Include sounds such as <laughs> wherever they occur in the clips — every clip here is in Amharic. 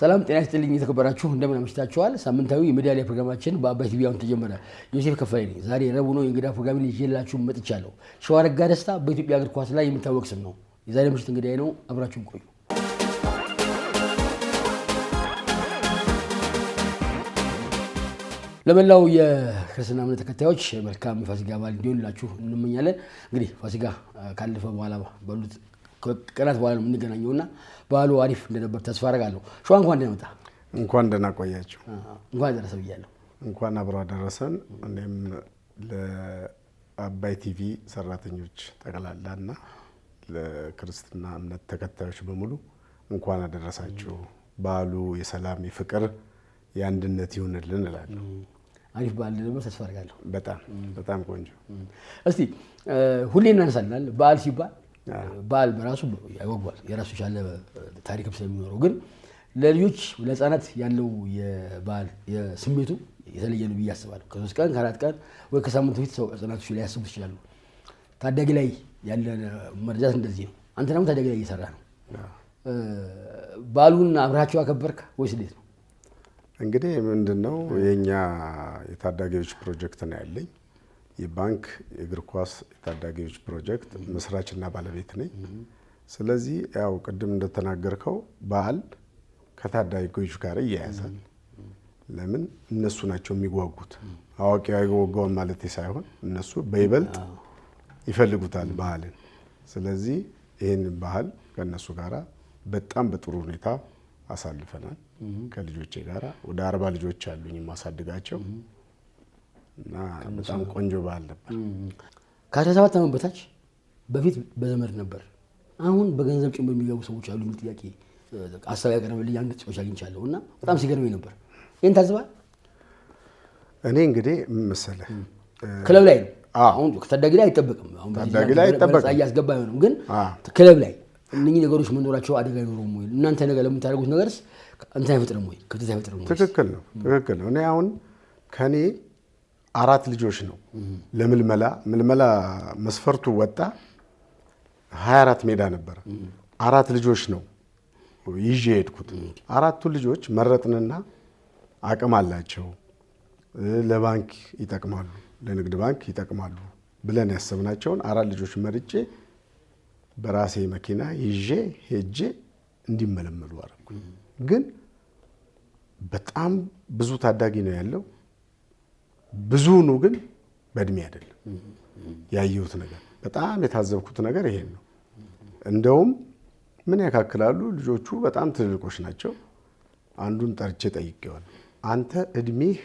ሰላም ጤና ይስጥልኝ። የተከበራችሁ እንደምን አመሽታችኋል? ሳምንታዊ የሜዳሊያ ፕሮግራማችን በአባይ ቲቪ አሁን ተጀመረ። ዮሴፍ ከፋይ ዛሬ ረቡዕ ነው። የእንግዳ ፕሮግራም ይዤላችሁ መጥቻለሁ። ሸዋረጋ ደስታ በኢትዮጵያ እግር ኳስ ላይ የሚታወቅ ስም ነው። የዛሬ ምሽት እንግዳዬ ነው። አብራችሁን ቆዩ። ለመላው የክርስትና እምነት ተከታዮች መልካም የፋሲጋ በዓል እንዲሆንላችሁ እንመኛለን። እንግዲህ ፋሲጋ ካለፈ በኋላ ባሉት ቀናት በኋላ ነው የምንገናኘው እና በዓሉ አሪፍ እንደነበር ተስፋ አደርጋለሁ። ሸዋ እንኳን ደህና መጣ። እንኳን ደህና ቆያችሁ። እንኳን ደረሰ ብያለሁ። እንኳን አብሮ አደረሰን። እኔም ለአባይ ቲቪ ሰራተኞች ጠቅላላ እና ለክርስትና እምነት ተከታዮች በሙሉ እንኳን አደረሳችሁ። በዓሉ የሰላም የፍቅር፣ የአንድነት ይሁንልን እላለሁ። አሪፍ በዓል ደግሞ ተስፋ አድርጋለሁ። በጣም በጣም ቆንጆ። እስቲ ሁሌ እናነሳልናል በዓል ሲባል በዓል በራሱ ያጓጓል፣ የራሱ የቻለ ታሪክም ስለሚኖረው ግን ለልጆች ለህፃናት ያለው የበዓል የስሜቱ የተለየ ነው ብዬ አስባለሁ። ከሶስት ቀን ከአራት ቀን ወይ ከሳምንት በፊት ሰው ህፃናቶች ሊያስቡ ይችላሉ። ታዳጊ ላይ ያለ መረጃት እንደዚህ ነው። አንተ ደግሞ ታዳጊ ላይ እየሰራ ነው። በዓሉን አብረሃቸው አከበርክ ወይስ እንዴት ነው? እንግዲህ ምንድን ነው የእኛ የታዳጊዎች ፕሮጀክት ነው ያለኝ የባንክ የእግር ኳስ የታዳጊዎች ፕሮጀክት መስራችና ባለቤት ነኝ። ስለዚህ ያው ቅድም እንደተናገርከው በዓል ከታዳጊዎች ጋር እያያዛል። ለምን እነሱ ናቸው የሚጓጉት። አዋቂ አይጓጓውም ማለት ሳይሆን እነሱ በይበልጥ ይፈልጉታል ባህልን። ስለዚህ ይህን ባህል ከእነሱ ጋር በጣም በጥሩ ሁኔታ አሳልፈናል። ከልጆቼ ጋር ወደ አርባ ልጆች አሉኝ የማሳድጋቸው በጣም ቆንጆ በዓል ነበር። ከ17 ዓመት በታች በፊት በዘመድ ነበር። አሁን በገንዘብ ጭምር የሚገቡ ሰዎች አሉ የሚል ጥያቄ አሳብ ያቀረበልኝ አንድ ሰዎች አግኝቻለሁ እና በጣም ሲገርመኝ ነበር። ይህን ታዝባል። እኔ እንግዲህ መሰለህ ክለብ ላይ ነው አሁን ታዳጊ ላይ አይጠበቅም። አሁን ታዳጊ ላይ አይጠበቅም እያስገባ አይሆንም፣ ግን ክለብ ላይ እነኚህ ነገሮች መኖራቸው አደጋ አይኖሩም ወይ? እናንተ ነገ ለምታደርጉት ነገርስ እንትን አይፈጥርም ወይ? ክፍተት አይፈጥርም ወይ? ትክክል ነው፣ ትክክል ነው። እኔ አሁን ከኔ አራት ልጆች ነው ለምልመላ ምልመላ መስፈርቱ ወጣ። 24 ሜዳ ነበረ። አራት ልጆች ነው ይዤ የሄድኩት። አራቱ ልጆች መረጥንና አቅም አላቸው፣ ለባንክ ይጠቅማሉ፣ ለንግድ ባንክ ይጠቅማሉ ብለን ያሰብናቸውን አራት ልጆች መርጬ በራሴ መኪና ይዤ ሄጄ እንዲመለመሉ አረኩ። ግን በጣም ብዙ ታዳጊ ነው ያለው ብዙኑ ግን በእድሜ አይደለም ያየሁት ነገር፣ በጣም የታዘብኩት ነገር ይሄን ነው። እንደውም ምን ያካክላሉ ልጆቹ በጣም ትልልቆች ናቸው። አንዱን ጠርቼ ጠይቄዋለሁ። አንተ እድሜህ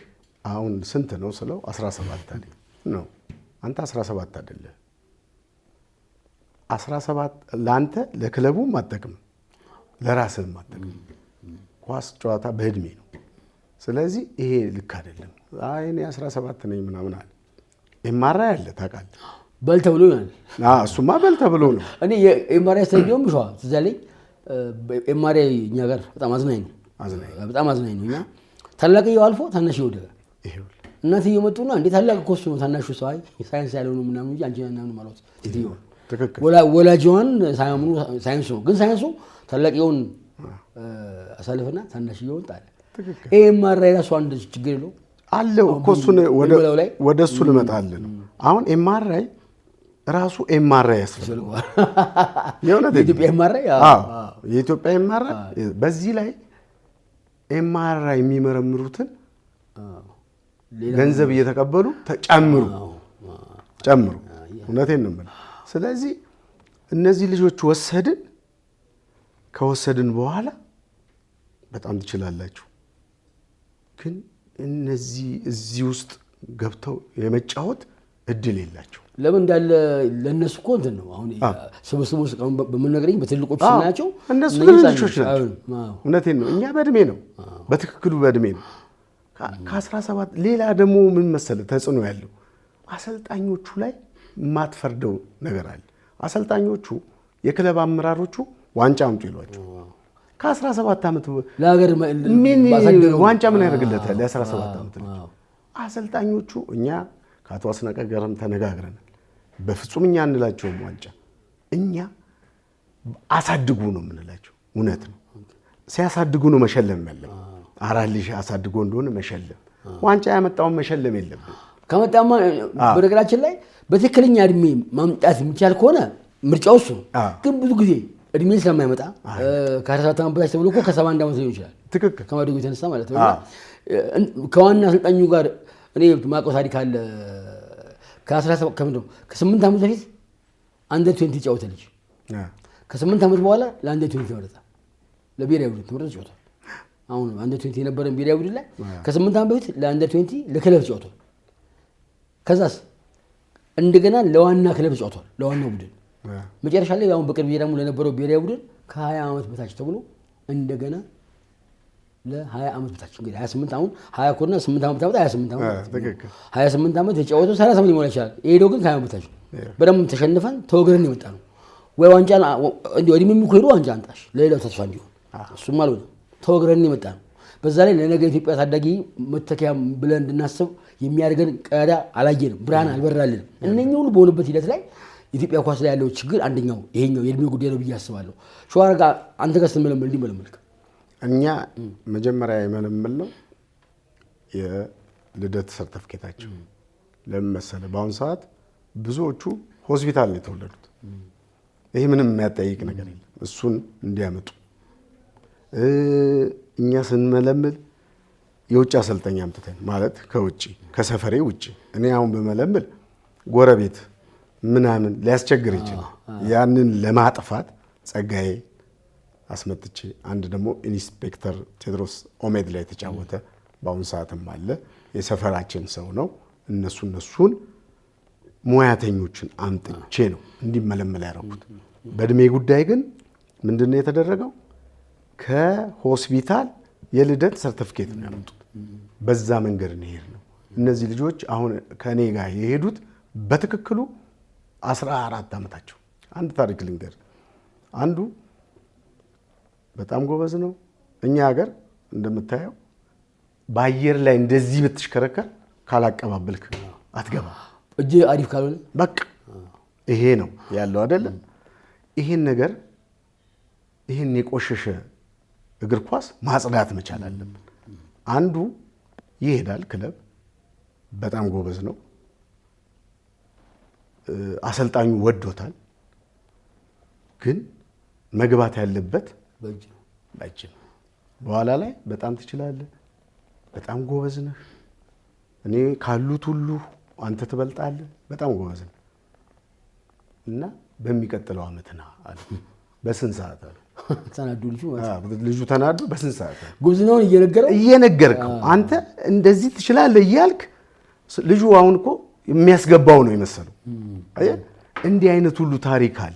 አሁን ስንት ነው ስለው 17 አለኝ። ነው አንተ 17 አይደለህ 17 ለአንተ ለክለቡም አጠቅም ለራስህም አጠቅም። ኳስ ጨዋታ በእድሜ ነው ስለዚህ ይሄ ልክ አይደለም። አይ እኔ 17 ነኝ ምናምን አለ። ኤማራ ያለ ታውቃለህ፣ በልተ ብሎ ይሆናል። እሱማ በልተ ብሎ ነው። እኔ ኤማራ ያስተየውም ሸዋ ትዝ አለኝ። ኤማራ እኛ ጋር በጣም አዝናኝ ነው፣ በጣም አዝናኝ ነው። እኛ ታላቅየው አልፎ ታናሽ ወደ ይወደ እየመጡ መጡና እንዴ ታላቅ እኮ እሱ ነው ታናሹ ሰዋይ ሳይንስ ያለሆነ ምናምን እ አንቺ ምናምን ማለት ወላጅዋን ሳያምኑ ሳይንሱ ነው ግን ሳይንሱ ታላቅየውን አሳልፍና ታናሽየውን ጣለ። ይህ ማራ የራሱ አንድ ችግር የለውም አለው እኮ እሱን ወደ እሱ ልመጣልህ ነው። አሁን ኤምአርአይ ራሱ ኤምአርአይ ያስፈልገዋል። የኢትዮጵያ ኤምአርአይ በዚህ ላይ ኤምአርአይ የሚመረምሩትን ገንዘብ እየተቀበሉ ጨምሩ ጨምሩ። እውነቴን ነው የምልህ። ስለዚህ እነዚህ ልጆች ወሰድን ከወሰድን በኋላ በጣም ትችላላችሁ ግን እነዚህ እዚህ ውስጥ ገብተው የመጫወት እድል የላቸው። ለምን እንዳለ ለእነሱ እኮ እንትን ነው። አሁን ስብስቡ ውስጥ በምነግረኝ በትልቆች ናቸው እነሱ ልጆች ናቸው። እውነቴን ነው። እኛ በእድሜ ነው፣ በትክክሉ በእድሜ ነው። ከ17 ሌላ ደግሞ ምን መሰለህ ተጽዕኖ ያለው አሰልጣኞቹ ላይ የማትፈርደው ነገር አለ። አሰልጣኞቹ የክለብ አመራሮቹ ዋንጫ አምጡ ይሏቸው ከ17 ዓመት ለሀገር ምን ዋንጫ ምን ያደርግለታል? የ17 ዓመት አሰልጣኞቹ እኛ ከአቶ አስናቀ ጋርም ተነጋግረናል። በፍጹም እኛ እንላቸውም ዋንጫ እኛ አሳድጉ ነው የምንላቸው። እውነት ነው ሲያሳድጉ ነው መሸለም ያለም። አራት ልጅ አሳድጎ እንደሆነ መሸለም ዋንጫ ያመጣውን መሸለም የለብን። ከመጣማ በነገራችን ላይ በትክክለኛ እድሜ ማምጣት የሚቻል ከሆነ ምርጫው እሱ ግን ብዙ ጊዜ እድሜ ስለማይመጣ ከአስራ ሰባት ዓመት በታች ተብሎ እኮ ከሰባ አንድ ዓመት ሊሆን ይችላል። ትክክል ከማደጉ የተነሳ ማለት ነው። ከዋና አሰልጣኙ ጋር እኔ ማውቀው ታሪክ አለ። ከስምንት ዓመት በፊት አንደር ትዌንቲ ጫወተ ልጅ ከስምንት ዓመት በኋላ ለአንደር ትዌንቲ ተመረጠ። ለብሔራዊ ቡድን ተመረጠ ጫወቷል። አሁን አንደር ትዌንቲ የነበረን ብሔራዊ ቡድን ላይ ከስምንት ዓመት በፊት ለአንደር ትዌንቲ ለክለብ ጫወቷል። ከዛስ እንደገና ለዋና ክለብ ጫወቷል፣ ለዋናው ቡድን መጨረሻ ላይ ያሁን በቅርብ ደግሞ ለነበረው ብሔራዊ ቡድን ከ20 ዓመት በታች ተብሎ እንደገና ለ20 ዓመት በታች እንግዲህ 28 አሁን 20 ከሆነ 8 ዓመት ዓመት 28 ዓመት 28 ዓመት የጫወተው 30 ዓመት ሊሞላ ይችላል። ሄዶ ግን ከ20 ዓመት በታች በደንብ ተሸንፈን ተወግረን የመጣ ነው ወይ ዋንጫ እንዲሁ እድሜ የሚኮሄዱ ዋንጫ አንጣሽ ለሌላው ተስፋ እንዲሆን እሱም አልሆነ ተወግረን የመጣ ነው። በዛ ላይ ለነገ ኢትዮጵያ ታዳጊ መተኪያ ብለን እንድናስብ የሚያደርገን ቀዳ አላየንም፣ ብርሃን አልበራልንም። እነኚህ ሁሉ በሆኑበት ሂደት ላይ ኢትዮጵያ ኳስ ላይ ያለው ችግር አንደኛው ይሄኛው የእድሜ ጉዳይ ነው ብዬ አስባለሁ። ሸዋረ ጋር አንተ ጋር ስንመለመል እንዲህ መለመልክ እኛ መጀመሪያ የመለመል ነው የልደት ሰርተፍኬታቸው ለምን በአሁኑ ሰዓት ብዙዎቹ ሆስፒታል ነው የተወለዱት። ይሄ ምንም የሚያጠያይቅ ነገር የለም። እሱን እንዲያመጡ እኛ ስንመለምል የውጭ አሰልጠኛ አምጥተን ማለት ከውጭ ከሰፈሬ ውጭ እኔ አሁን በመለምል ጎረቤት ምናምን ሊያስቸግር ይችላል። ያንን ለማጥፋት ጸጋዬ አስመጥቼ አንድ ደግሞ ኢንስፔክተር ቴዎድሮስ ኦሜድ ላይ የተጫወተ በአሁኑ ሰዓትም አለ የሰፈራችን ሰው ነው። እነሱ እነሱን ሙያተኞችን አምጥቼ ነው እንዲመለመል ያደረጉት። በእድሜ ጉዳይ ግን ምንድን ነው የተደረገው? ከሆስፒታል የልደት ሰርተፍኬት ነው ያመጡት። በዛ መንገድ እንሄድ ነው። እነዚህ ልጆች አሁን ከእኔ ጋር የሄዱት በትክክሉ አስራ ዓመታቸው አንድ ታሪክ ልንገር። አንዱ በጣም ጎበዝ ነው። እኛ ሀገር እንደምታየው በአየር ላይ እንደዚህ ብትሽከረከር ካላቀባበልክ አትገባ። እጅ አሪፍ ካልሆነ በቃ ይሄ ነው ያለው አይደለም። ይሄን ነገር ይሄን የቆሸሸ እግር ኳስ ማጽዳት መቻል አለብን። አንዱ ይሄዳል ክለብ በጣም ጎበዝ ነው አሰልጣኙ ወዶታል። ግን መግባት ያለበት በእጅ ነው። በኋላ ላይ በጣም ትችላለህ፣ በጣም ጎበዝ ነህ፣ እኔ ካሉት ሁሉ አንተ ትበልጣለህ፣ በጣም ጎበዝ ነህ እና በሚቀጥለው ዓመት ና አለ። በስንት ሰዓት አለ ልጁ ተናዱ። በስንት ሰዓት እየነገረው እየነገርከው አንተ እንደዚህ ትችላለህ እያልክ ልጁ አሁን እኮ የሚያስገባው ነው የመሰለው። እንዲህ አይነት ሁሉ ታሪክ አለ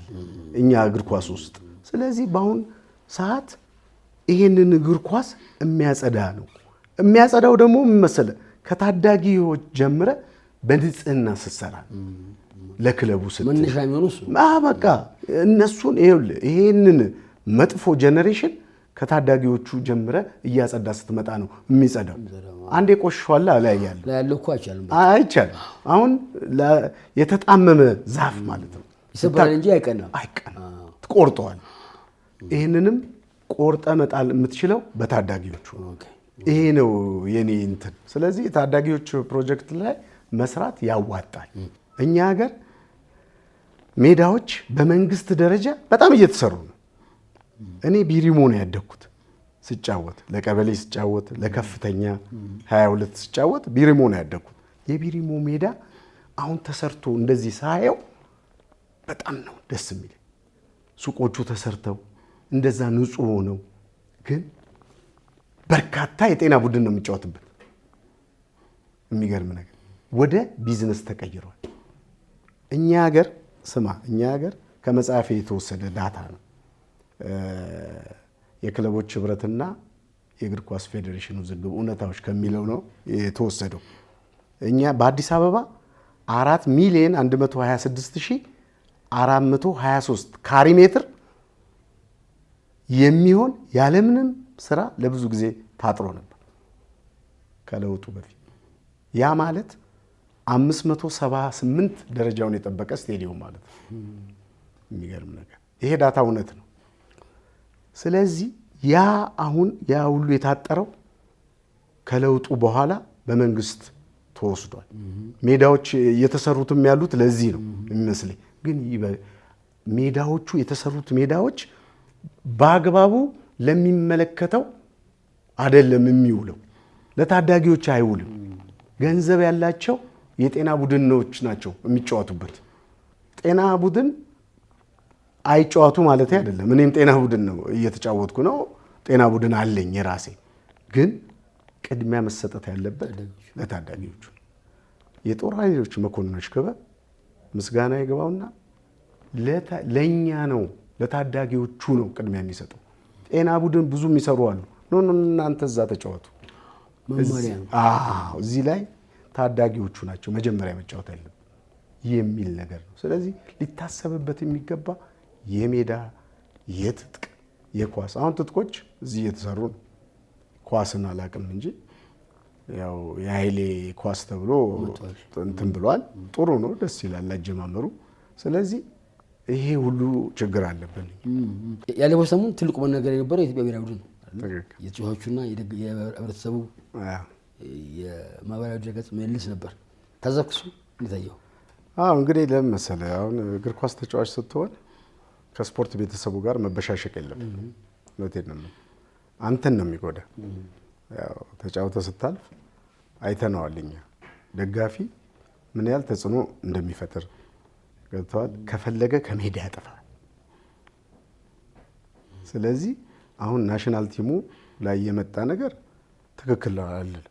እኛ እግር ኳስ ውስጥ። ስለዚህ በአሁን ሰዓት ይሄንን እግር ኳስ የሚያጸዳ ነው። የሚያጸዳው ደግሞ ምን መሰለህ? ከታዳጊዎች ጀምረ በንጽህና ስትሰራ ለክለቡ መነሻ በቃ እነሱን ይሄንን መጥፎ ጀኔሬሽን ከታዳጊዎቹ ጀምረ እያጸዳ ስትመጣ ነው የሚጸዳው። አንድ የቆሸዋለ እለያያለሁ አይቻልም። አሁን የተጣመመ ዛፍ ማለት ነው ይሰበራል እንጂ አይቀናም፣ ትቆርጠዋል። ይህንንም ቆርጠ መጣል የምትችለው በታዳጊዎቹ ይሄ ነው የኔ እንትን። ስለዚህ የታዳጊዎች ፕሮጀክት ላይ መስራት ያዋጣል። እኛ ሀገር ሜዳዎች በመንግስት ደረጃ በጣም እየተሰሩ ነው። እኔ ቢሪሞ ነው ያደግኩት። ስጫወት ለቀበሌ ስጫወት ለከፍተኛ 22 ስጫወት ቢሪሞ ነው ያደግኩት። የቢሪሞ ሜዳ አሁን ተሰርቶ እንደዚህ ሳየው በጣም ነው ደስ የሚል። ሱቆቹ ተሰርተው እንደዛ ንጹህ ሆነው ግን በርካታ የጤና ቡድን ነው የሚጫወትበት። የሚገርም ነገር ወደ ቢዝነስ ተቀይሯል። እኛ ሀገር ስማ፣ እኛ ሀገር ከመጽሐፌ የተወሰደ ዳታ ነው የክለቦች ህብረትና የእግር ኳስ ፌዴሬሽኑ ውዝግብ እውነታዎች ከሚለው ነው የተወሰደው። እኛ በአዲስ አበባ 4 ሚሊዮን 126423 ካሪ ሜትር የሚሆን ያለምንም ስራ ለብዙ ጊዜ ታጥሮ ነበር ከለውጡ በፊት። ያ ማለት 578 ደረጃውን የጠበቀ ስቴዲየም ማለት ነው። የሚገርም ነገር ይሄ ዳታ እውነት ነው። ስለዚህ ያ አሁን ያ ሁሉ የታጠረው ከለውጡ በኋላ በመንግስት ተወስዷል። ሜዳዎች የተሰሩትም ያሉት ለዚህ ነው የሚመስለኝ። ግን ሜዳዎቹ የተሰሩት ሜዳዎች በአግባቡ ለሚመለከተው አይደለም የሚውለው፣ ለታዳጊዎች አይውልም። ገንዘብ ያላቸው የጤና ቡድኖች ናቸው የሚጫወቱበት ጤና ቡድን አይጫወቱ ማለት አይደለም። እኔም ጤና ቡድን ነው እየተጫወትኩ ነው። ጤና ቡድን አለኝ የራሴ። ግን ቅድሚያ መሰጠት ያለበት ለታዳጊዎቹ የጦር ኃይሎች መኮንኖች ክበብ ምስጋና ይገባውና ለእኛ ነው ለታዳጊዎቹ ነው ቅድሚያ የሚሰጠው። ጤና ቡድን ብዙ የሚሰሩ አሉ። ኖ እናንተ እዛ ተጫወቱ። እዚህ ላይ ታዳጊዎቹ ናቸው መጀመሪያ መጫወት ያለብን የሚል ነገር ነው። ስለዚህ ሊታሰብበት የሚገባ የሜዳ የትጥቅ የኳስ አሁን ትጥቆች እዚህ እየተሰሩ ነው። ኳስን አላቅም እንጂ ያው የኃይሌ ኳስ ተብሎ እንትን ብሏል። ጥሩ ነው፣ ደስ ይላል አጀማመሩ። ስለዚህ ይሄ ሁሉ ችግር አለብን። ያለፈው ሰሞን ትልቁ መነገር የነበረው የኢትዮጵያ ብሔራዊ ቡድን ነው። የጽሑፎቹና የህብረተሰቡ የማህበራዊ ድረገጽ መልስ ነበር። ታዘብክ? እንደታየው እንግዲህ ለምን መሰለህ አሁን እግር ኳስ ተጫዋች ስትሆን ከስፖርት ቤተሰቡ ጋር መበሻሸቅ የለም። አንተን ነው የሚጎዳ። ተጫውተ ስታልፍ አይተነዋል። እኛ ደጋፊ ምን ያህል ተጽዕኖ እንደሚፈጥር ገብተዋል። ከፈለገ ከሜዳ ያጠፋል። ስለዚህ አሁን ናሽናል ቲሙ ላይ የመጣ ነገር ትክክል አለን።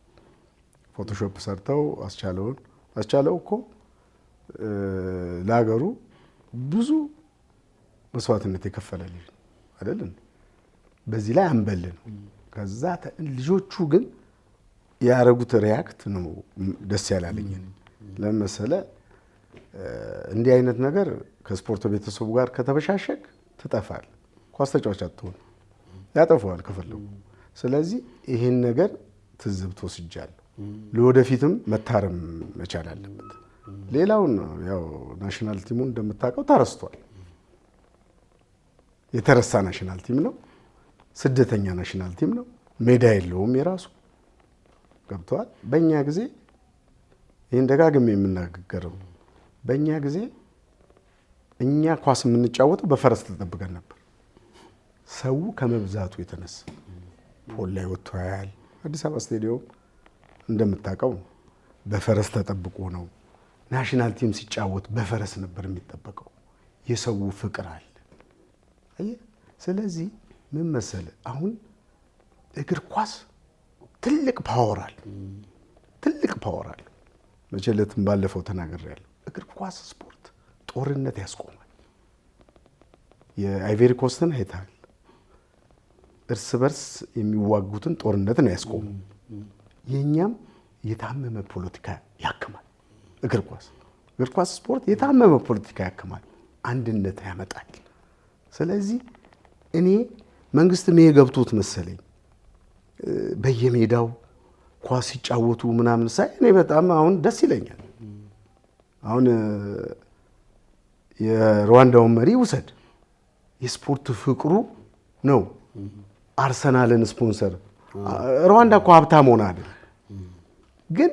ፎቶሾፕ ሰርተው አስቻለውን አስቻለው እኮ ለሀገሩ ብዙ መስዋዕትነት የከፈለ ልጅ አይደል? በዚህ ላይ አንበልን። ከዛ ልጆቹ ግን ያደረጉት ሪያክት ነው ደስ ያላለኝ። ለመሰለ እንዲህ አይነት ነገር ከስፖርት ቤተሰቡ ጋር ከተበሻሸክ ትጠፋል። ኳስ ተጫዋች አትሆን ያጠፈዋል ከፈለጉ። ስለዚህ ይህን ነገር ትዝብት ወስጃለሁ። ለወደፊትም መታረም መቻል አለበት። ሌላውን ያው ናሽናል ቲሙን እንደምታውቀው ተረስቷል። የተረሳ ናሽናል ቲም ነው። ስደተኛ ናሽናል ቲም ነው። ሜዳ የለውም የራሱ ገብተዋል። በእኛ ጊዜ ይህን ደጋግሜ የምናገረው በእኛ ጊዜ እኛ ኳስ የምንጫወተው በፈረስ ተጠብቀን ነበር። ሰው ከመብዛቱ የተነሳ ፖል ላይ ወጥቶ ያያል። አዲስ አበባ ስቴዲየም እንደምታውቀው በፈረስ ተጠብቆ ነው። ናሽናል ቲም ሲጫወት በፈረስ ነበር የሚጠበቀው። የሰው ፍቅር አለ። አየህ። ስለዚህ ምን መሰለህ አሁን እግር ኳስ ትልቅ ፓወር አለ፣ ትልቅ ፓወር አለ። መቼለትም ባለፈው ተናግሬያለሁ። እግር ኳስ ስፖርት ጦርነት ያስቆማል። የአይቬሪ ኮስትን አይተሃል። እርስ በርስ የሚዋጉትን ጦርነት ነው ያስቆሙ። የእኛም የታመመ ፖለቲካ ያክማል። እግር ኳስ እግር ኳስ ስፖርት የታመመ ፖለቲካ ያክማል፣ አንድነት ያመጣል። ስለዚህ እኔ መንግስት ምን የገብቶት መሰለኝ በየሜዳው ኳስ ሲጫወቱ ምናምን ሳይ እኔ በጣም አሁን ደስ ይለኛል። አሁን የሩዋንዳውን መሪ ውሰድ፣ የስፖርት ፍቅሩ ነው አርሰናልን ስፖንሰር። ሩዋንዳ እኮ ሀብታም ሆና አይደል፣ ግን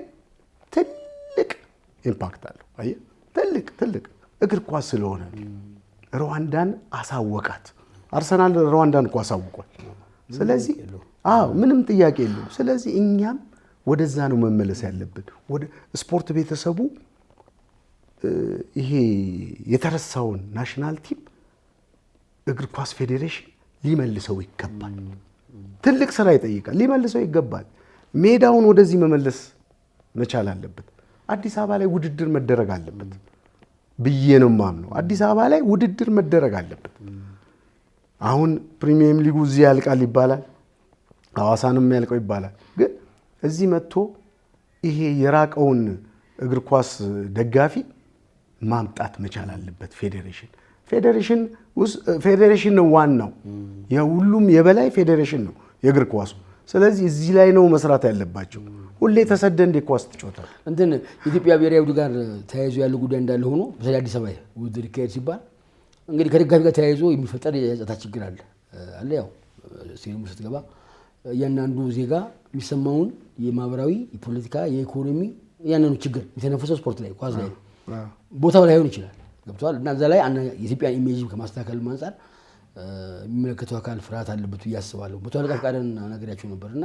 ትልቅ ኢምፓክት አለው። አየህ፣ ትልቅ ትልቅ እግር ኳስ ስለሆነ ሩዋንዳን አሳወቃት። አርሰናል ሩዋንዳን እኮ አሳውቋል። ስለዚህ አዎ ምንም ጥያቄ የለም። ስለዚህ እኛም ወደዛ ነው መመለስ ያለብን። ወደ ስፖርት ቤተሰቡ ይሄ የተረሳውን ናሽናል ቲም እግር ኳስ ፌዴሬሽን ሊመልሰው ይገባል። ትልቅ ስራ ይጠይቃል። ሊመልሰው ይገባል። ሜዳውን ወደዚህ መመለስ መቻል አለበት። አዲስ አበባ ላይ ውድድር መደረግ አለበት። ብዬ ነው የማምነው። አዲስ አበባ ላይ ውድድር መደረግ አለበት። አሁን ፕሪሚየም ሊጉ እዚህ ያልቃል ይባላል፣ ሐዋሳንም ያልቀው ይባላል። ግን እዚህ መጥቶ ይሄ የራቀውን እግር ኳስ ደጋፊ ማምጣት መቻል አለበት ፌዴሬሽን። ፌዴሬሽን ነው ዋናው፣ የሁሉም የበላይ ፌዴሬሽን ነው የእግር ኳሱ ስለዚህ እዚህ ላይ ነው መስራት ያለባቸው። ሁሌ ተሰደ እንደ ኳስ ትጮታል እንትን ኢትዮጵያ ብሔራዊ ቡድን ጋር ተያይዞ ያለው ጉዳይ እንዳለ ሆኖ በተለይ አዲስ አበባ ውድድር ይካሄድ ሲባል እንግዲህ ከደጋፊ ጋር ተያይዞ የሚፈጠር የጸጥታ ችግር አለ አለ ያው ስቴዲየሙ ስትገባ እያንዳንዱ ዜጋ የሚሰማውን የማህበራዊ፣ የፖለቲካ፣ የኢኮኖሚ እያንዳንዱ ችግር የተነፈሰው ስፖርት ላይ ኳስ ላይ ቦታው ላይሆን ይችላል ገብተዋል እና እዛ ላይ የኢትዮጵያ ኢሜጅ ከማስተካከል አንጻር የሚመለከተው አካል ፍርሃት አለበት ብዬ አስባለሁ። መቶ አለቃ ፈቃደን ነግሬያቸው ነበር እና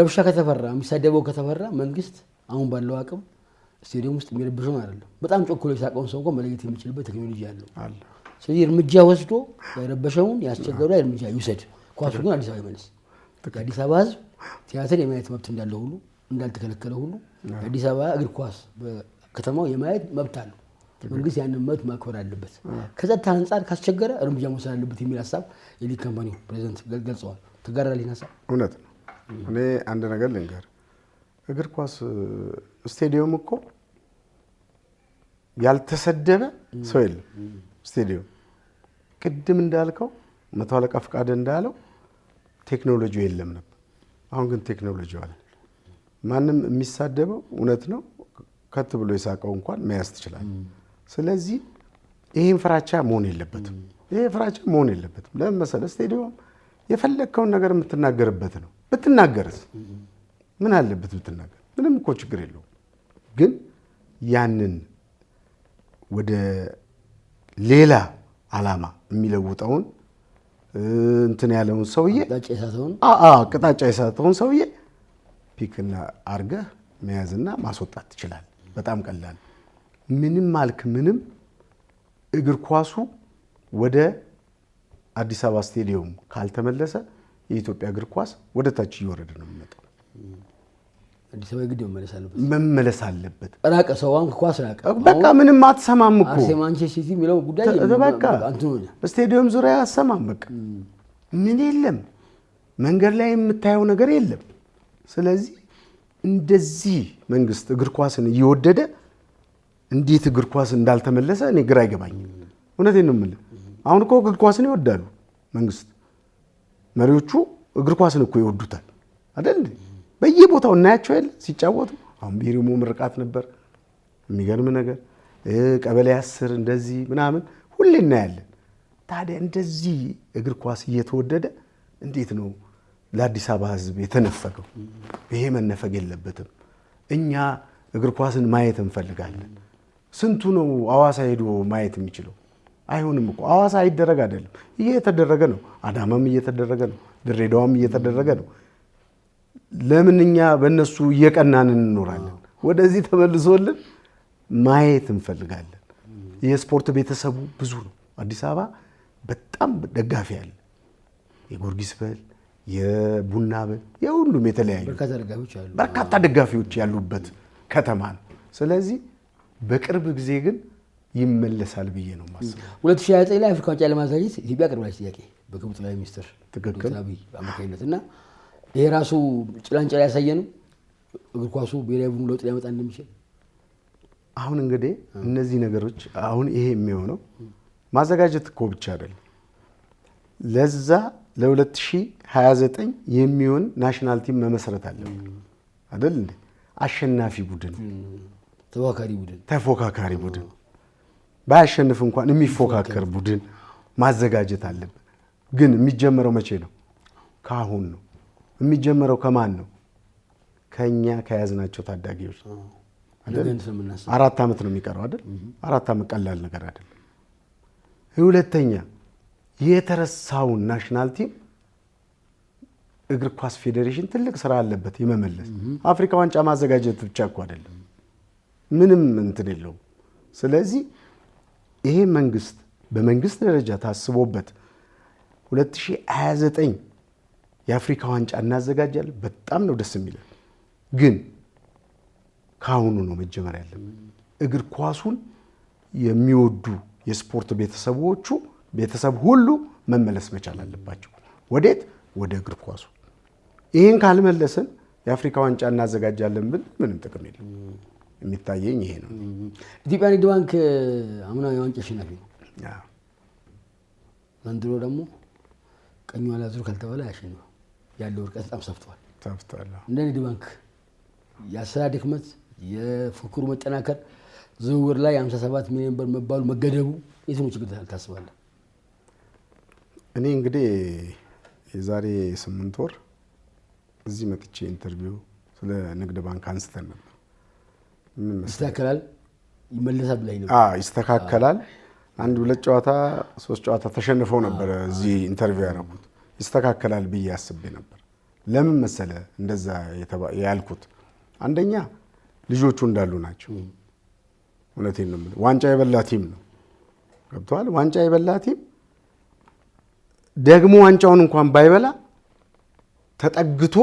ረብሻ ከተፈራ የሚሳደበው ከተፈራ መንግስት አሁን ባለው አቅም ስቴዲየም ውስጥ የሚረብሸውን አይደለም። በጣም ጮኮሎ የሳቀውን ሰው እንኳ መለየት የሚችልበት ቴክኖሎጂ አለው። ስለዚህ እርምጃ ወስዶ የረበሸውን ያስቸገሩ ላይ እርምጃ ይውሰድ። ኳሱ ግን አዲስ አበባ ይመልስ። የአዲስ አበባ ህዝብ ቲያትር የማየት መብት እንዳለ ሁሉ እንዳልተከለከለ ሁሉ የአዲስ አበባ እግር ኳስ በከተማው የማየት መብት አለው። መንግስት ያንን መብት ማክበር አለበት። ከጸጥታ አንጻር ካስቸገረ እርምጃ መውሰድ አለበት የሚል ሀሳብ የሊግ ካምፓኒ ፕሬዚደንት ገልጸዋል። ትጋራለህ ሀሳብ? እውነት ነው። እኔ አንድ ነገር ልንገር፣ እግር ኳስ ስቴዲየም እኮ ያልተሰደበ ሰው የለም። ስቴዲየም ቅድም እንዳልከው መቶ አለቃ ፈቃደ እንዳለው ቴክኖሎጂ የለም ነበር። አሁን ግን ቴክኖሎጂ አለ። ማንም የሚሳደበው እውነት ነው ከት ብሎ የሳቀው እንኳን መያዝ ትችላል። ስለዚህ ይህን ፍራቻ መሆን የለበትም። ይሄ ፍራቻ መሆን የለበትም። ለምን መሰለህ? ስቴዲዮም የፈለግከውን ነገር የምትናገርበት ነው። ብትናገርስ ምን አለበት? ብትናገር ምንም እኮ ችግር የለውም። ግን ያንን ወደ ሌላ አላማ የሚለውጠውን እንትን ያለውን ሰውዬ አቅጣጫ ሰውዬ ፒክና አርገህ መያዝና ማስወጣት ትችላል። በጣም ቀላል ምንም አልክ ምንም እግር ኳሱ ወደ አዲስ አበባ ስቴዲየም ካልተመለሰ የኢትዮጵያ እግር ኳስ ወደ ታች እየወረደ ነው የሚመጣው። አዲስ አበባ ግድ መመለስ አለበት መመለስ አለበት። ራቀ ሰው አንክ ኳስ ራቀ። በቃ ምንም አትሰማም እኮ ማንቸስተር ሲቲ የሚለው ጉዳይ በቃ ስቴዲየም ዙሪያ አሰማም። በቃ ምን የለም መንገድ ላይ የምታየው ነገር የለም። ስለዚህ እንደዚህ መንግስት እግር ኳስን እየወደደ እንዴት እግር ኳስ እንዳልተመለሰ እኔ ግራ አይገባኝም። እውነቴን ነው የምልህ። አሁን እኮ እግር ኳስን ይወዳሉ መንግስት፣ መሪዎቹ እግር ኳስን እኮ ይወዱታል አይደል? በየቦታው እናያቸው የለ ሲጫወቱ። አሁን ቢሪሙ ምርቃት ነበር፣ የሚገርም ነገር ቀበሌ አስር እንደዚህ ምናምን ሁሌ እናያለን። ታዲያ እንደዚህ እግር ኳስ እየተወደደ እንዴት ነው ለአዲስ አበባ ህዝብ የተነፈገው? ይሄ መነፈግ የለበትም። እኛ እግር ኳስን ማየት እንፈልጋለን። ስንቱ ነው አዋሳ ሄዶ ማየት የሚችለው? አይሆንም እኮ አዋሳ አይደረግ አይደለም፣ እየተደረገ ነው። አዳማም እየተደረገ ነው። ድሬዳዋም እየተደረገ ነው። ለምን እኛ በእነሱ እየቀናን እንኖራለን? ወደዚህ ተመልሶልን ማየት እንፈልጋለን። የስፖርት ቤተሰቡ ብዙ ነው። አዲስ አበባ በጣም ደጋፊ አለ። የጊዮርጊስ በል የቡና በል የሁሉም የተለያዩ በርካታ ደጋፊዎች ያሉበት ከተማ ነው። ስለዚህ በቅርብ ጊዜ ግን ይመለሳል ብዬ ነው የማስበው። 2029 ላይ አፍሪካ ዋንጫ ለማዘጋጀት ኢትዮጵያ አቅርባለች ጥያቄ በክቡር ጠቅላይ ሚኒስትር ትክክል አብይ አማካኝነት እና ይሄ ራሱ ጭላንጭል ያሳየ ነው። እግር ኳሱ ብሔራዊ ቡድኑ ለውጥ ሊያመጣ እንደሚችል አሁን እንግዲህ እነዚህ ነገሮች አሁን ይሄ የሚሆነው ማዘጋጀት እኮ ብቻ አይደለም ለዛ ለ2029 የሚሆን ናሽናል ቲም መመስረት አለ እንዴ? አሸናፊ ቡድን ተፎካካሪ ቡድን ተፎካካሪ ቡድን ባያሸንፍ እንኳን የሚፎካከር ቡድን ማዘጋጀት አለብን። ግን የሚጀመረው መቼ ነው? ከአሁን ነው የሚጀመረው። ከማን ነው? ከእኛ ከያዝናቸው ታዳጊዎች። አራት ዓመት ነው የሚቀረው አይደል? አራት ዓመት ቀላል ነገር አይደለም። ሁለተኛ የተረሳውን ናሽናል ቲም እግር ኳስ ፌዴሬሽን ትልቅ ስራ አለበት የመመለስ። አፍሪካ ዋንጫ ማዘጋጀት ብቻ እኮ አይደለም ምንም እንትን የለውም። ስለዚህ ይሄ መንግስት በመንግስት ደረጃ ታስቦበት 2029 የአፍሪካ ዋንጫ እናዘጋጃለን። በጣም ነው ደስ የሚለን፣ ግን ከአሁኑ ነው መጀመር ያለን። እግር ኳሱን የሚወዱ የስፖርት ቤተሰቦቹ ቤተሰብ ሁሉ መመለስ መቻል አለባቸው። ወዴት? ወደ እግር ኳሱ። ይህን ካልመለስን የአፍሪካ ዋንጫ እናዘጋጃለን ብል ምንም ጥቅም የለም። የሚታየኝ ይሄ ነው። ኢትዮጵያ ንግድ ባንክ አምና የዋንጫ አሸናፊ ነው። ዘንድሮ ደግሞ ቀኙ ዙር ካልተባለ አያሸንፍም። ያለው እርቀት በጣም ሰፍቷል ሰፍቷል። እንደ ንግድ ባንክ የአሰራር ድክመት፣ የፉክሩ መጠናከር፣ ዝውውር ላይ 57 ሚሊዮን ብር መባሉ መገደቡ ነው ችግር ታስባለህ? እኔ እንግዲህ የዛሬ ስምንት ወር እዚህ መጥቼ ኢንተርቪው ስለ ንግድ ባንክ አንስተን ነበር ይስተካከላል፣ ይመለሳል ብላኝ ነው። ይስተካከላል። አንድ ሁለት ጨዋታ ሶስት ጨዋታ ተሸንፈው ነበረ እዚህ ኢንተርቪው ያደረጉት። ይስተካከላል ብዬ አስቤ ነበር። ለምን መሰለ እንደዛ ያልኩት፣ አንደኛ ልጆቹ እንዳሉ ናቸው። እውነቴን ነው የምልህ። ዋንጫ የበላ ቲም ነው ገብተዋል። ዋንጫ የበላ ቲም ደግሞ ዋንጫውን እንኳን ባይበላ ተጠግቶ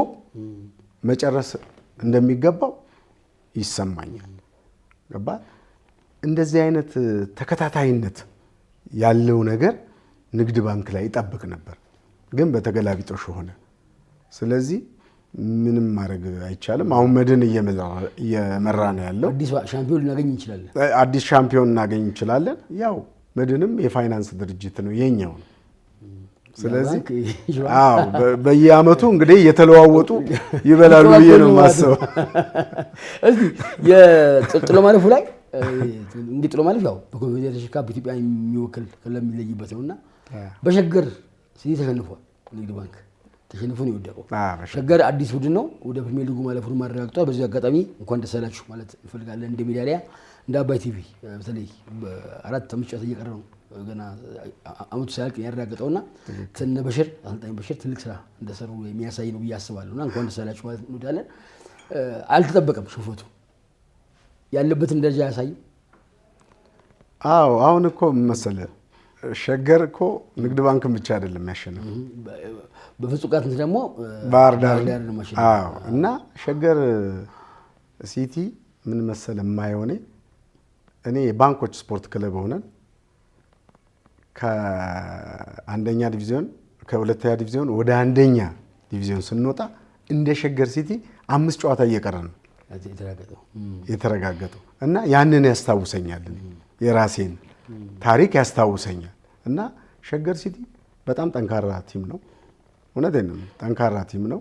መጨረስ እንደሚገባው ይሰማኛል። ገባ እንደዚህ አይነት ተከታታይነት ያለው ነገር ንግድ ባንክ ላይ ይጠብቅ ነበር፣ ግን በተገላቢጦሽ ሆነ። ስለዚህ ምንም ማድረግ አይቻልም። አሁን መድን እየመራ ነው ያለው። ሻምፒዮን ልናገኝ እንችላለን፣ አዲስ ሻምፒዮን እናገኝ እንችላለን። ያው መድንም የፋይናንስ ድርጅት ነው የኛው ነው ስለዚህ <laughs> በየአመቱ እንግዲህ እየተለዋወጡ ይበላሉ ብዬ ነው የማስበው። እስኪ የጥሎ ማለፉ ላይ እንግዲህ ጥሎ ማለፍ ያው በኮንፌዴሬሽን ካፕ ኢትዮጵያ የሚወክል ከለሚለይበት ነው እና በሸገር ሲቲ ተሸንፏል። ንግድ ባንክ ተሸንፎ ነው የወደቀው። ሸገር አዲስ ቡድን ነው፣ ወደ ፕሪሚየር ሊጉ ማለፉን ማረጋግጧል። በዚህ አጋጣሚ እንኳን ደስ አላችሁ ማለት እንፈልጋለን። እንደ ሜዳሊያ እንደ አባይ ቲቪ በተለይ አራት አምስት እየቀረ ነው ገና አመቱ ሲያልቅ ያረጋገጠውና እነ በሽር አሰልጣኝ በሽር ትልቅ ስራ እንደሰሩ የሚያሳይ ነው ብዬ አስባለሁ። እና እንኳን ደስ አላችሁ ማለት እንወዳለን። አልተጠበቀም ሽንፈቱ ያለበትን ደረጃ ያሳይ። አዎ አሁን እኮ መሰለ ሸገር እኮ ንግድ ባንክን ብቻ አይደለም ያሸነፈ በፍጹም ቅጣት ደግሞ ባህር ዳር እና ሸገር ሲቲ ምን መሰለ የማይሆነ እኔ የባንኮች ስፖርት ክለብ ሆነን ከአንደኛ ዲቪዚዮን ከሁለተኛ ዲቪዚዮን ወደ አንደኛ ዲቪዚዮን ስንወጣ እንደ ሸገር ሲቲ አምስት ጨዋታ እየቀረ ነው የተረጋገጠው እና ያንን ያስታውሰኛል፣ የራሴን ታሪክ ያስታውሰኛል። እና ሸገር ሲቲ በጣም ጠንካራ ቲም ነው። እውነቴን ነው፣ ጠንካራ ቲም ነው።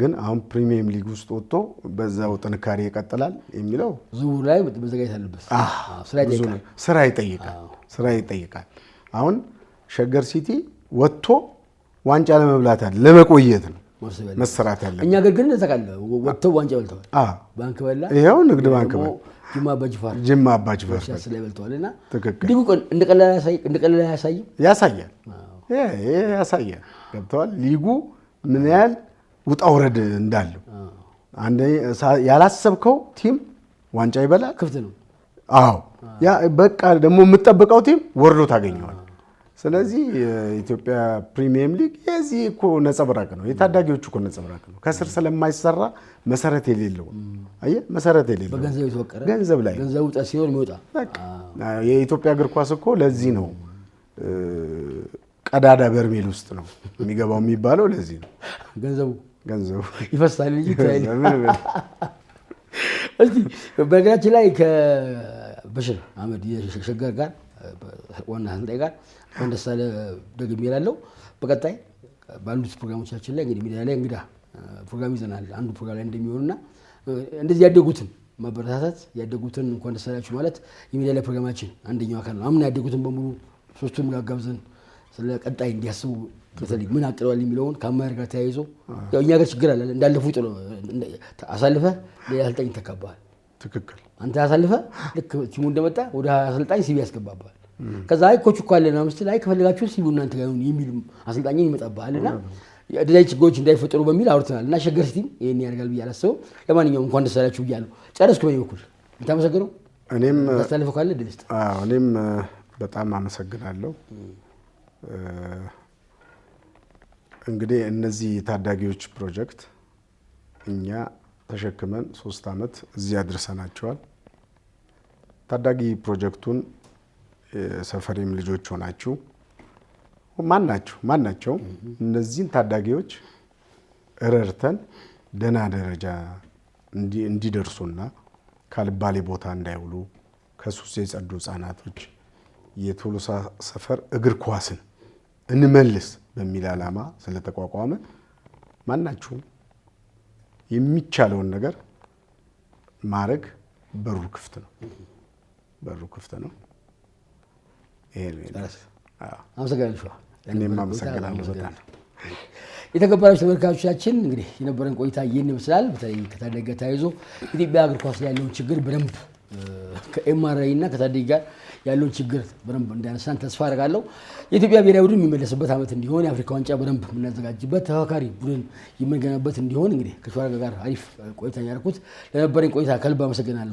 ግን አሁን ፕሪሚየም ሊግ ውስጥ ወጥቶ በዛው ጥንካሬ ይቀጥላል የሚለው ዝውውሩ ላይ መዘጋጀት አለበት። ስራ ይጠይቃል፣ ስራ ይጠይቃል። አሁን ሸገር ሲቲ ወጥቶ ዋንጫ ለመብላት አለ ለመቆየት ነው መሰራት ያለ። እኛ ገር ግን ተቃለ ወጥቶ ዋንጫ በልተዋል። ባንክ በላ፣ ይኸው ንግድ ባንክ በላ፣ ጅማ አባጅፋር ጅማ አባጅፋር ላይ በልተዋል። እና ሊጉ እንደ ቀላል ያሳይ ያሳያል ያሳያል። ገብተዋል ሊጉ ምን ያህል ውጣ ውረድ እንዳለው ያላሰብከው ቲም ዋንጫ ይበላል። ክፍት ነው። አዎ ያ በቃ ደግሞ የምጠብቀው ቲም ወርዶ ታገኘዋል። ስለዚህ የኢትዮጵያ ፕሪሚየም ሊግ የዚህ እኮ ነጸብራቅ ነው፣ የታዳጊዎች እኮ ነጸብራቅ ነው። ከስር ስለማይሰራ መሰረት የሌለው አየህ፣ መሰረት የሌለው ገንዘብ ላይ ገንዘቡ ሲሆን የሚወጣ የኢትዮጵያ እግር ኳስ እኮ ለዚህ ነው ቀዳዳ በርሜል ውስጥ ነው የሚገባው የሚባለው ለዚህ ነው። ገንዘቡ ገንዘቡ ይፈሳል። ልጅ እስቲ በእግራችን ላይ በሽር አህመድ የሸገር ጋር ዋና አሰልጣኝ ጋር እንኳን ደስ አለ ደግሜ እላለሁ። በቀጣይ ባሉት ፕሮግራሞቻችን ላይ እንግዲህ ሚዲያ ላይ እንግዳ ፕሮግራም ይዘናል። አንዱ ፕሮግራም ላይ እንደሚሆንና እንደዚህ ያደጉትን ማበረታታት ያደጉትን እንኳን ደስ አላችሁ ማለት የሚዲያ ላይ ፕሮግራማችን አንደኛው አካል ነው። አምና ያደጉትን በሙሉ ሶስቱን ጋብዘን ስለ ቀጣይ እንዲያስቡ በተለይ ምን አቅደዋል የሚለውን ከአመራር ጋር ተያይዞ እኛ ጋር ችግር አለ እንዳለፉ ጥሎ አሳልፈ ሌላ አሰልጣኝ ይተካባል። ትክክል። አንተ ያሳልፈ ልክ ቲሙ እንደመጣ ወደ አሰልጣኝ ሲቪ ያስገባባል። ከዛ አይ ኮች እኮ አለና ምስል አይ ከፈለጋችሁ ሲቪ እናንተ ጋር የሚል አሰልጣኝ እና ደዳይ ችግሮች እንዳይፈጠሩ በሚል አውርተናል እና ሸገር ሲቲም ይህን ያደርጋል ብዬ አላሰበው። ለማንኛውም እንኳን ደስ አላችሁ ብያለሁ። ጨረስኩ በኝ በኩል የምታመሰግነው እኔም ያስተላልፈው ካለ ድል እኔም በጣም አመሰግናለሁ። እንግዲህ እነዚህ ታዳጊዎች ፕሮጀክት እኛ ተሸክመን ሶስት ዓመት እዚህ አድርሰናቸዋል። ታዳጊ ፕሮጀክቱን የሰፈሬም ልጆች ሆናችሁ ማን ናቸው ማን ናቸው እነዚህን ታዳጊዎች እረርተን ደህና ደረጃ እንዲደርሱና ካልባሌ ቦታ እንዳይውሉ ከሱስ የጸዱ ህጻናቶች የቶሎሳ ሰፈር እግር ኳስን እንመልስ በሚል ዓላማ ስለተቋቋመ ማናችሁም የሚቻለውን ነገር ማድረግ በሩ ክፍት ነው። በሩ ክፍት ነው። ይሄ እኔም አመሰግናለሁ በጣም የተከበራችሁ ተመልካቾቻችን እንግዲህ የነበረን ቆይታ ይህን ይመስላል። በተለይ ከታደገ ተያይዞ ኢትዮጵያ እግር ኳስ ላይ ያለውን ችግር በደንብ ከኤምአርአይ እና ከታደግ ጋር ያለውን ችግር በደንብ እንዳነሳን ተስፋ አደርጋለሁ። የኢትዮጵያ ብሔራዊ ቡድን የሚመለስበት ዓመት እንዲሆን የአፍሪካ ዋንጫ በደንብ የምናዘጋጅበት ተፎካካሪ ቡድን የምንገነበት እንዲሆን እንግዲህ ከሸዋረጋ ጋር አሪፍ ቆይታ ያርኩት ለነበረኝ ቆይታ ከልብ አመሰግናለሁ።